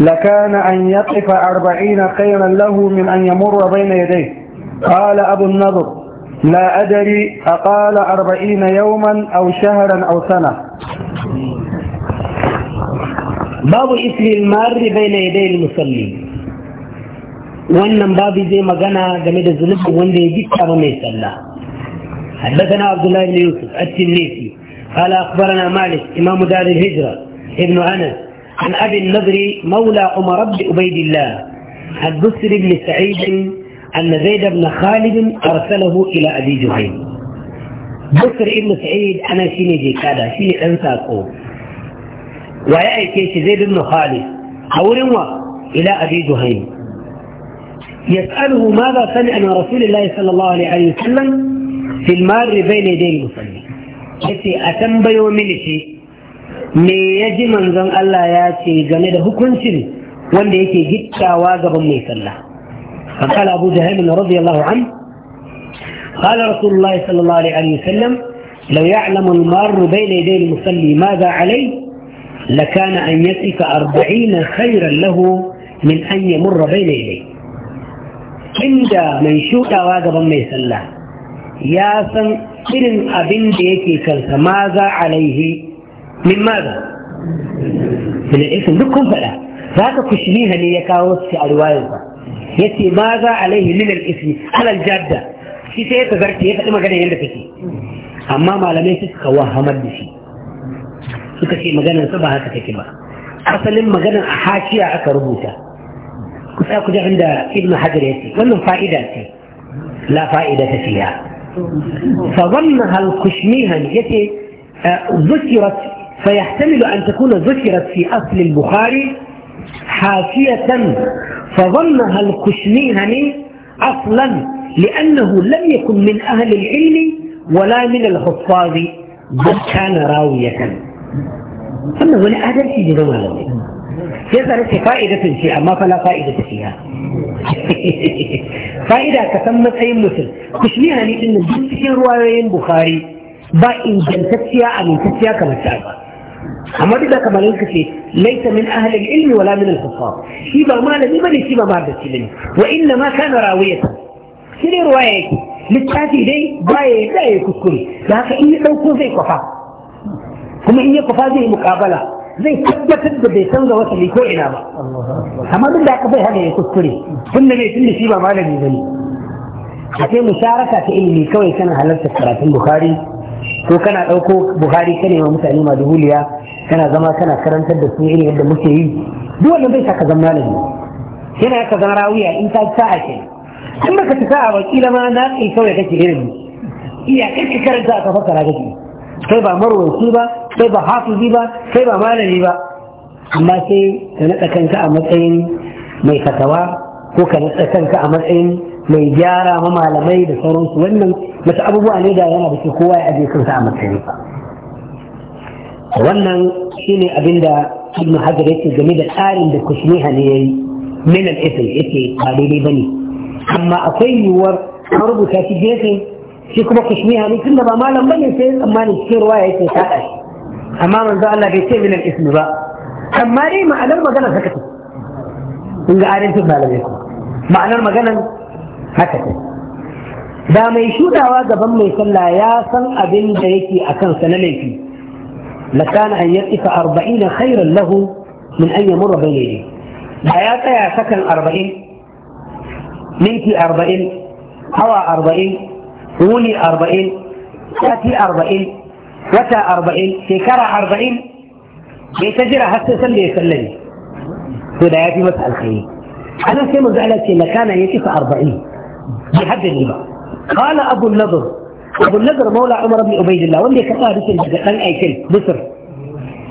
لكان أن يقف أربعين خيرا له من أن يمر بين يديه قال أبو النضر لا أدري أقال أربعين يوما أو شهرا أو سنة باب إثم المار بين يدي المصلي wannan بابي زي ما قنا da zunubin wanda يجيك gita ba mai حدثنا عبد الله بن يوسف التنيسي قال اخبرنا مالك امام دار الهجره ابن انس عن ابي النضر مولى عمر بن عبيد الله عن بسر بن سعيد أن زيد بن خالد أرسله إلى أبي جهيم بكر ابن سعيد أنا شيني جيكادا شيني أنسى أقول ويأتي زيد بن خالد أورنوا إلى أبي جهيم يسأله ماذا سمع من رسول الله صلى الله عليه وسلم في المار بين يدي المصلي yace a tambayo mini shi me ya ji manzon Allah ya ce game da hukuncin wanda yake gittawa gaban mai sallah فقال أبو جهل رضي الله عنه قال رسول الله صلى الله عليه وسلم لو يعلم المار بين يدي المصلي ماذا عليه لكان أن يسف أربعين خيرا له من أن يمر بين يديه عند من شوك واجبا ما يسلى يا سن إرن أبن ديكي كنس ماذا عليه من ماذا من الاسم دكم فلا ذاك تشبيه ليكاوس في الوالده. yace ma za alaihi min al-ismi alal jadda shi sai ya tagarta ya faɗi magana yadda take amma malamai suka wahamar da shi suka ce maganar sa ba haka take ba asalin maganar a hashiya aka rubuta kusa ku da inda ibn hajar yace wannan fa'ida ce la fa'ida ta fiya fa wannan hal kushmihan yace ذكرت فيحتمل أن تكون ذكرت في أصل البخاري حاشية فظنها الكشميهني أصلا لأنه لم يكن من أهل العلم ولا من الحفاظ بل كان راويه ثم هو لا في جنون ا فائدة فيها ما فلا فائدة فيها فائدة ا كتمت اي مثل كشميها ل ي ان الجنس روايه بخاري با ان جنست فيها ام ان كما تعرف amma duk da kamarin ka ce laita min ahlil ilmi wala min al-huffaz shi ba malami bane shi ba madarci bane wa inna ma kana rawiyatan shi ne ruwaya yake littafi dai baya ya ya kuskure da haka in ya dauko zai kwafa kuma in ya kwafa zai muƙabala zai tabbatar da bai canza wasali ko ina ba amma duk da haka bai hana ya kuskure tun da mai tun da shi ba malami bane a ce musharaka ta ilimi kawai kana halarta karatun bukhari ko kana ɗauko bukhari kana yi wa mutane maduhuliya kana zama kana karantar da su irin yadda muke yi duk wanda bai saka zama malami yana ka zama rawiya in ka sa'a in baka ci sa'a ba kila ma na kai kawai kake irin iya kai ka karanta aka fasara kake kai ba marwanci ba kai ba hafizi ba kai ba malami ba amma sai ka naɗa kanka a matsayin mai fatawa ko ka naɗa kanka a matsayin mai gyara ma malamai da sauransu wannan wasu abubuwa ne da yana da kowa ya aje kansa a matsayin ba wannan shine abinda ibn hajar yake game da tsarin da kushmiha ne yayi min al-ithm yake ba daidai bane amma akwai yiwuwar an rubuta shi gefe shi kuma kushmiha ne tunda ba malam bane sai tsammanin cikin ruwa yake kada shi amma manzo Allah bai ce min al-ithm ba amma dai ma'anar magana haka ce kun ga adalcin malamai ku ma'anar maganan haka ce da mai shudawa gaban mai sallah ya san abin da yake akan sa na laifi لكان أن يقف أربعين خيرا له من أن يمر بين يديه حياته يا سكن أربعين ميتي أربعين هوى أربعين ولي أربعين تأتي أربعين وتا أربعين شكرة أربعين بيتجرى حتى يسلم يسلم ولا يأتي مسألة خير أنا سيما زعلت لكان يقف أربعين بحد الإمام قال أبو النضر abu nazar maula umar bin ubaidillah wanda ya karɓa hadisin daga ɗan aikin misir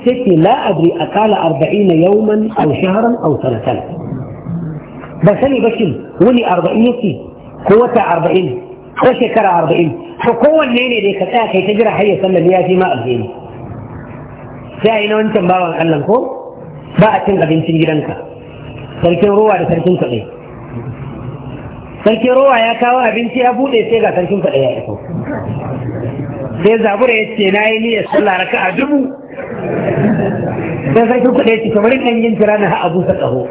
sai ce la adri akala arba'ina yawman aw shahran aw sanatan ba sani ba shin wani arba'in yake ko wata arba'in ko shekara arba'in to kowanne ne da ka tsaya kai ta jira har ya sallan ya fi ma alheri sai a yi na wancan bawan allah ko ba a cin abincin gidanka sarkin ruwa da sarkin kaɗai sarki rowa ya kawo abinci ya bude sai ga sarkin kwaɗe ya iso sai zabura ya ce na yi niyyar sallah raka a dubu sai sarkin kwaɗe ya ce kamar ɗan yin tira na abu sa ƙaho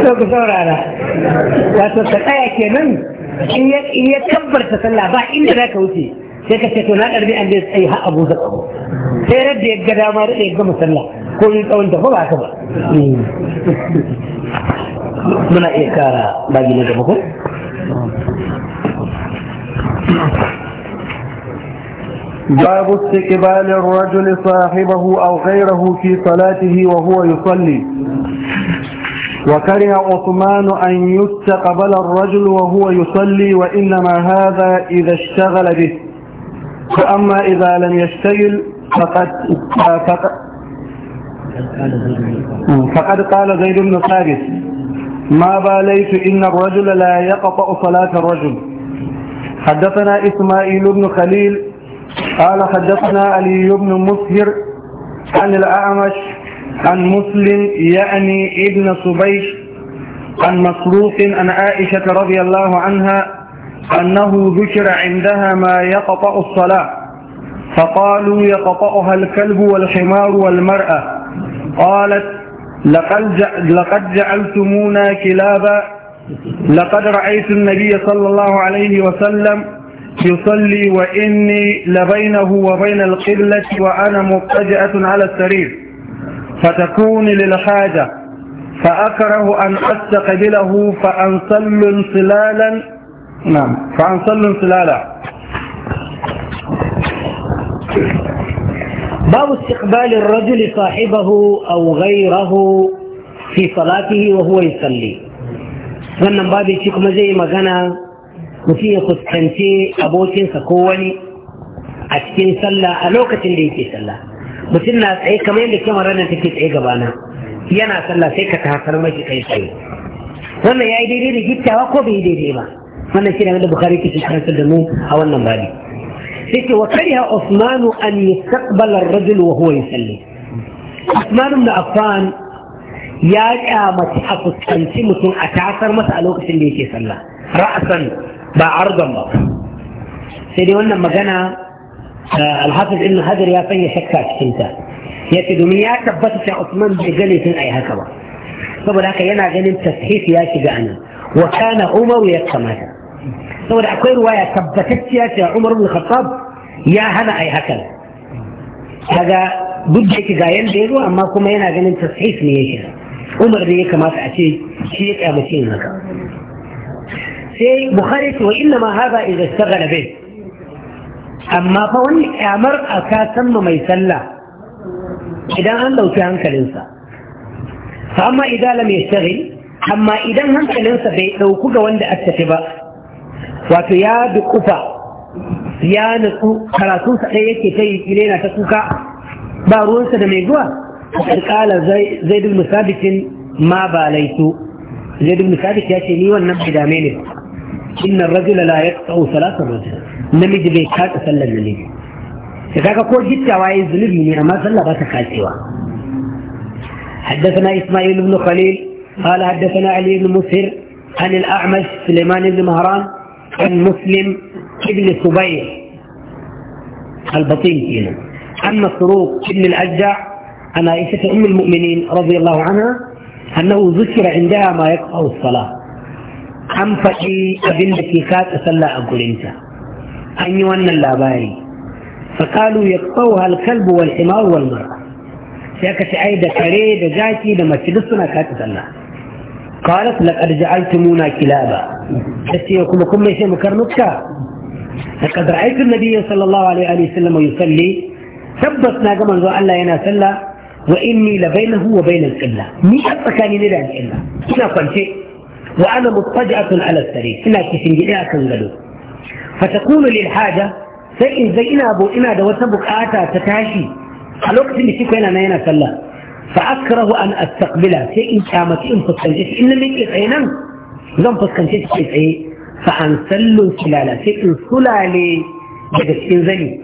Sau ku saurara, wato ka tsaya kenan in ya tabbarta sallah ba inda za ka wuce sai ka ce to na ɗarbi an dai tsaye har abu zaka sai radda ya ga dama da ya gama sallah ko yin tsawon tafa ba ka ba muna iya kara bagi na gaba ko باب استقبال الرجل صاحبه أو غيره في صلاته وهو يصلي وكره عثمان أن يستقبل الرجل وهو يصلي وإنما هذا إذا اشتغل به فأما إذا لم يشتغل فقد فقد, فقد قال زيد بن ثابت ما باليت إن الرجل لا يقطع صلاة الرجل حدثنا إسماعيل بن خليل قال حدثنا علي بن مسهر عن الأعمش عن مسلم يعني ابن صبيش عن مصروف عن عائشة رضي الله عنها أنه ذكر عندها ما يقطع الصلاة فقالوا يقطعها الكلب والحمار والمرأة قالت لقد جعلتمونا كلابا لقد رأيت النبي صلى الله عليه وسلم يصلي وإني لبينه وبين القبلة وأنا مضطجئة على السرير فتكون للحاجة فأكره أن أستقبله فأنصل انصلالا نعم فأنصل انصلالا باب استقبال الرجل صاحبه أو غيره في صلاته وهو يصلي غنى باب الشيخ مزي مغنى وفيه خسكنتي أبوتين سكواني أشكين صلى ألوكة اللي يتي mutum na tsaye kamar yadda kyamarar nan take tsaye gabana yana sallah sai ka tahasar mashi kai tsaye wannan ya yi daidai da gittawa ko bai yi daidai ba wannan shi ne wanda bukari ke karantar da mu a wannan babi sai ce wa kariha usmanu an yi ar-rajul wa huwa salli, Usmanu ibn Afan ya kyamaci a fuskanci mutum a tasar masa a lokacin da yake sallah ra'asan ba ardan ba sai dai wannan magana الحافظ ابن حجر يا فني شكاك انت يكد من يعتبت يا عثمان بجلي تن اي هكذا طب لك ينا جلي تسحيف يا شجعنا وكان أموي يتماتا طب لك اي رواية تبتت يا عمر بن الخطاب يا هنا اي هكذا هذا بجيك جايين ديرو اما كما ينا جلي تسحيف نيشي عمر بن يكما فأتي شيك يا مسلم هكذا سي بخاري وإنما هذا إذا اشتغل به amma fa wani kyamar a kasan mu mai sallah idan an ɗauki hankalinsa fa amma idan lam yashtaghi amma idan hankalinsa bai ɗauku ga wanda aka tafi ba wato ya kufa ya nutsu karatunsa ɗaya yake ta yi na ta kuka ba ruwansa da mai zuwa a kala zai dubnu sabitin ma ba laitu zai dubnu sabit ya ce ni wannan bai dame ne inna rajula la yaqta'u salatan rajula namiji bai katsa sallar namiji da kaga ko gittawa yayi zunubi ne amma sallah ba ta katsewa حدثنا إسماعيل بن خليل قال حدثنا علي بن مسهر عن الأعمش سليمان بن مهران عن مسلم ابن صبيح البطين فينا عن مسروق ابن الأجدع عن عائشة أم المؤمنين رضي الله عنها أنه ذكر عندها ما يقطع الصلاة عن faɗi abin da ke katsa أقول a أن يوانا اللاباري فقالوا يقطوها الكلب والحمار والمرأة سيكت عيدة كريدة جاتي لما تدسنا كاتت الله قالت لك أرجعلتمونا كلابا كسي يقول لكم ميشي مكرنكا لقد رأيت النبي صلى الله عليه وسلم يصلي ثبتنا كما نزوى الله ينا سلا وإني لبينه وبين القلة مي حتى كان يدعي القلة هنا قلت وأنا مضطجعة على السرير هنا كسنجي إيه أكل فتكون للحاجة سيئن زينا أبو إمادة وسبك آتا تتاشي حلوكت اللي كيف أنا مينا سلا فأكره أن أستقبله سيئن شامك إن فتنجيش إن لم يكي خينا زم فتنجيش شيئي فأن سلوا سلالة سيئن سلالي جدس إن زيني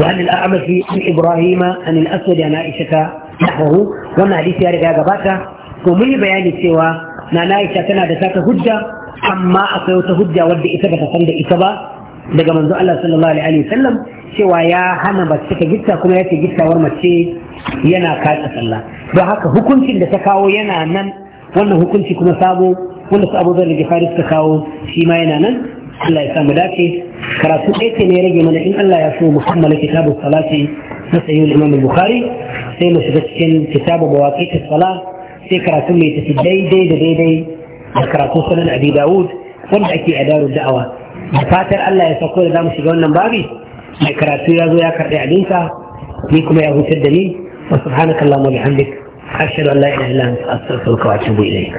وعن الأعمش عن إبراهيم أن الأسود عن عائشة نحوه وما لي سيارك يا قباتا ومن بياني سوا نعائشة تنادتك هجة amma akwai wata hujja wadda ita bata san da ita ba daga manzo Allah sallallahu alaihi wasallam cewa ya hana mace ta gitta kuma yace gittawar mace yana katsa sallah don haka hukuncin da ta kawo yana nan wannan hukunci kuma sabo wanda su abubuwan da gifari suka kawo shi ma yana nan Allah ya samu dace karatu ɗaya ce ne rage mana in Allah ya so mu kammala kitabu salati na sayyid imam bukhari sai mu shiga cikin kitabu bawaqi sala sai karatu mai tafi daidai da daidai ذكرت سنن ابي داود فن اكي ادار الدعوه فاتر الله يسكو اذا مش جون نمبابي ذكرت يا زو يا كردي فيكم يا ابو سدني وسبحانك اللهم وبحمدك اشهد ان لا اله الا انت استغفرك واتوب اليك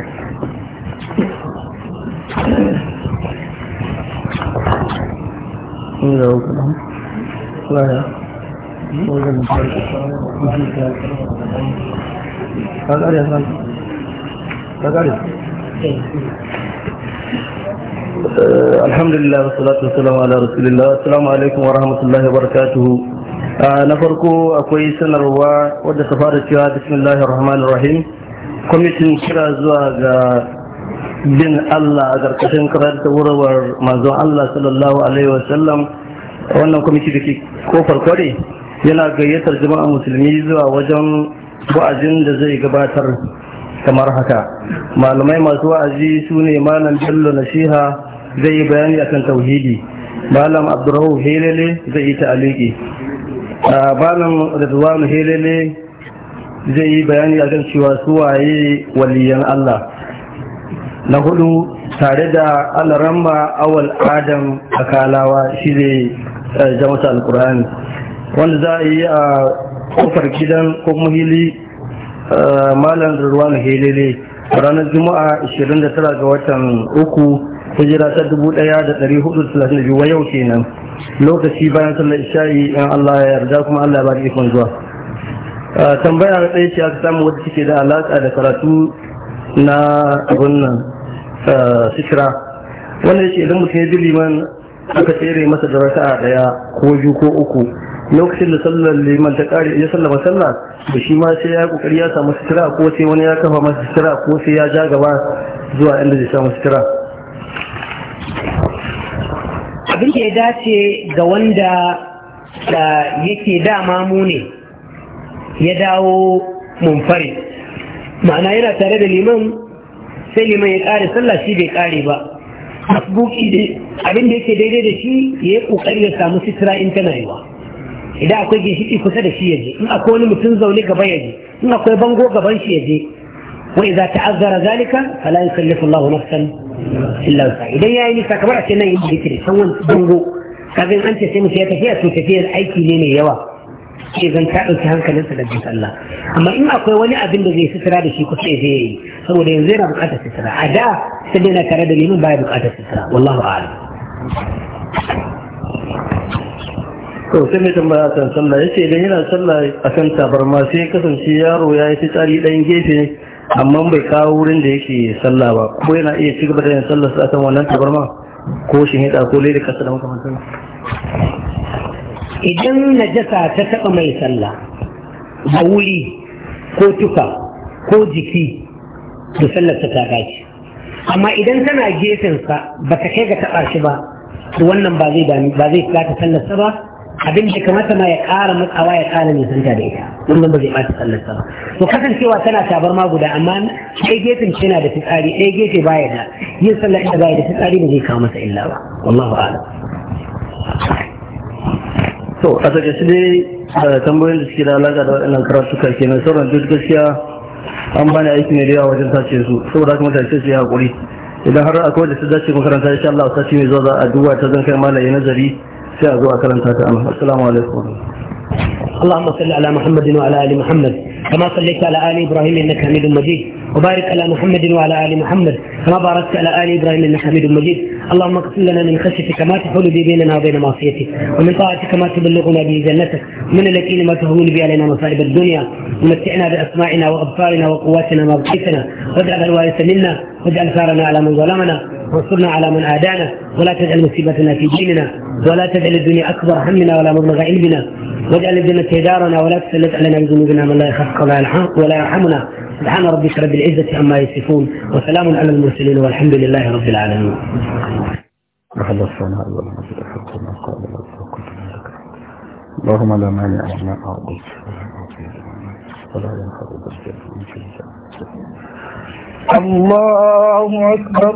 Gracias. Eh, alhamdulillah wa wasalamu ala rasulillah assalamu alaikum wa rahmatullahi wa barakatuhu ah, na farko akwai sanarwa wadda ta fara cewa bismillahir rahmanir rahim kwamitin kira zuwa ga bin Allah a ƙarƙashin ta wurwar manzon Allah sallallahu alaihi wasallam wannan kwamiti da ke kofar kware yana gayyatar jama'a musulmi zuwa wajen wa'azin da zai gabatar kamar haka malamai masu wa'azi su ne malam bello nasiha zai yi bayani akan tauhidi malam abdurrahu helele zai yi ta'aliki malam rizwan helele zai yi bayani akan cewa su waye waliyan allah na hudu tare da al'aramba awal adam a kalawa shi zai eh, jama'ta alkur'ani wanda za a yi a kofar gidan ko muhili Eh, malam ruwan helele ranar juma'a 29 ga watan uku hijira ta 1432 wa yau kenan lokaci bayan sallar isha'i in Allah ya yarda kuma Allah ya bari ikon zuwa eh, tambaya ga tsaye ce aka samu wanda kike da alaƙa da karatu na abin nan eh, wanda ya ce idan mutum ya bi liman aka tsere masa da rasa daya ko biyu ko uku lokacin da sallar liman ta kare ya sallama sallah da shi ma sai ya kokari ya samu sitira, ko sai wani ya kafa masa sitira, ko sai ya ja gaba zuwa inda zai samu sitira. abin da ya dace ga wanda da yake dama mu ne ya dawo mumfari, ma'ana yana tare da liman sai liman ya kare sallah shi bai kare ba abin da yake daidai da shi ya yi kokari ya samu sitira in tana yiwa idan akwai ginshiƙi kusa da shi ya je in akwai wani mutum zaune gaba ya je in akwai bango gaban shi ya je wa idza ta'azzara zalika fala yukallifu Allahu nafsan illa wusa idan yayi nisa kamar a ce nan yake dikiri san wani bango kafin an ce sai mu ya tafiya to aiki ne mai yawa ke zan ta ɗauki hankalinsa da bin Allah amma in akwai wani abin da zai sutura da shi kusa ya je yayi saboda yanzu yana buƙatar sutura a da sai yana tare da neman baya buƙatar sutura wallahu a'lam to sai mai tambaya kan sallah yace idan yana sallah akan tabarma sai kasance yaro ya yi tsari ɗan gefe amma bai kawo wurin da yake sallah ba ko yana iya ci gaba da yin sallah sa akan wannan tabarma ko shi ne ko lai da kasa da makamantan idan najasa ta taɓa mai sallah a wuri ko tuka ko jiki da sallar ta gaci amma idan tana gefensa ba ta kai ga taɓa shi ba to wannan ba zai ba zai sallar sa ba abin da kamata ma ya kara matsawa ya kara nisanta da ita wannan ba zai ɓata sallarsa ba to kasancewa tana tabar ma guda amma ɗaya gefen shi na da fitsari ɗaya gefe baya da yin sallar ita baya da fitsari ba zai kawo masa illa ba wallahu a'lam to a shi dai eh, tambayoyin da suke da alaƙa da waɗannan ke kenan sauran duk gaskiya an bani aiki ne da yawa wajen sace su saboda haka mutane sai su yi haƙuri idan har akwai da su dace makaranta insha Allah sashi mai zuwa za a duba ta zan kai malaye nazari sai a zo a karanta ta amma assalamu alaikum اللهم صل على محمد وعلى ال محمد كما صليت على ال ابراهيم انك حميد مجيد وبارك على محمد وعلى ال محمد كما باركت على ال ابراهيم انك حميد مجيد اللهم اغفر لنا من خشيتك ما تحول به بيننا وبين معصيتك ومن طاعتك ما تبلغنا به جنتك ومن اليقين ما تهون به علينا مصائب الدنيا ومتعنا باسماعنا وابصارنا وقواتنا ما بقيتنا واجعل الوارث منا واجعل ثارنا على من ظلمنا وانصرنا على من عادانا ولا تجعل مصيبتنا في ديننا ولا تجعل الدنيا اكبر همنا ولا مبلغ علمنا واجعل الجنة دارنا ولا تسلط علينا بذنوبنا من لا يخافك ولا ولا يرحمنا سبحان ربك رب العزة عما يصفون وسلام على المرسلين والحمد لله رب العالمين. خلصنا الله ما قال اللهم لا مانع لما أعطيت ولا ينفع ذلك الله أكبر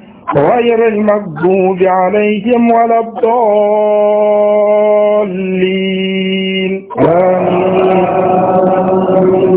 غير المغضوب عليهم ولا الضالين آمين